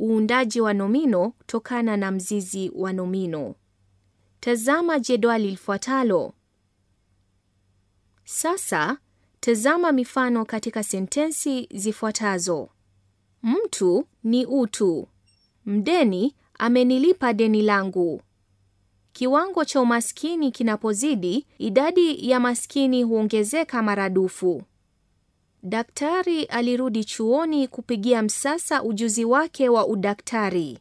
uundaji wa nomino kutokana na mzizi wa nomino. Tazama jedwali lifuatalo. Sasa tazama mifano katika sentensi zifuatazo. Mtu ni utu. Mdeni amenilipa deni langu. Kiwango cha umaskini kinapozidi, idadi ya maskini huongezeka maradufu. Daktari alirudi chuoni kupigia msasa ujuzi wake wa udaktari.